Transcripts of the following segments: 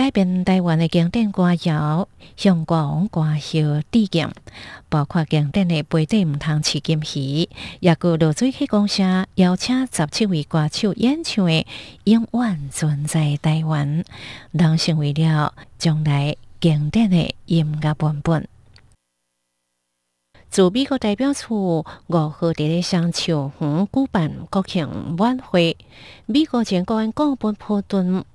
改編台灣的經典歌謠，向歌王歌后致敬，包括經典的背地對唔談詞劍起，以有流水黑光聲，邀請十七位歌手演唱的《永遠存在台灣》，當成為了將來經典的音樂版本。駐美國代表處在雙橡園舉辦國慶晚會，美國前國安高官波頓。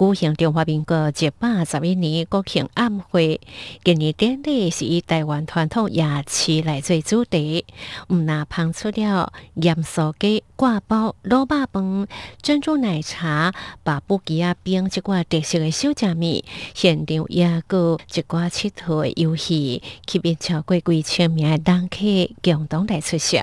國慶中華民國一百十一年國慶晚會，今年典禮是以台灣傳統夜市來做主題，唔拿烹出料、鹽酥雞、割包、滷肉飯、珍珠奶茶、八布雞啊餅，即掛特色嘅小食面，現場也過一掛七彩遊戲，吸引超過貴千名嘅當客，共同來出席。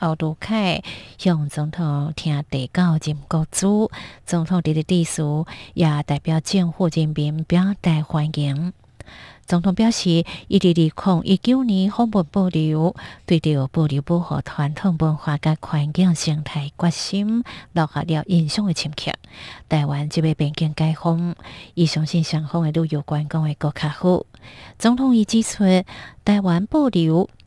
奧杜凱向總統聽遞交任國書，總統立的的致辭，也代表政府人民表達歡迎。總統表示，伊佇二零一九年，訪問帛琉對著帛琉保護傳統文化嘅環境生態決心，留下了印象的深刻。台灣即位邊境解封，伊相信雙方嘅旅遊觀光會更較好。總統亦指出，台灣帛琉。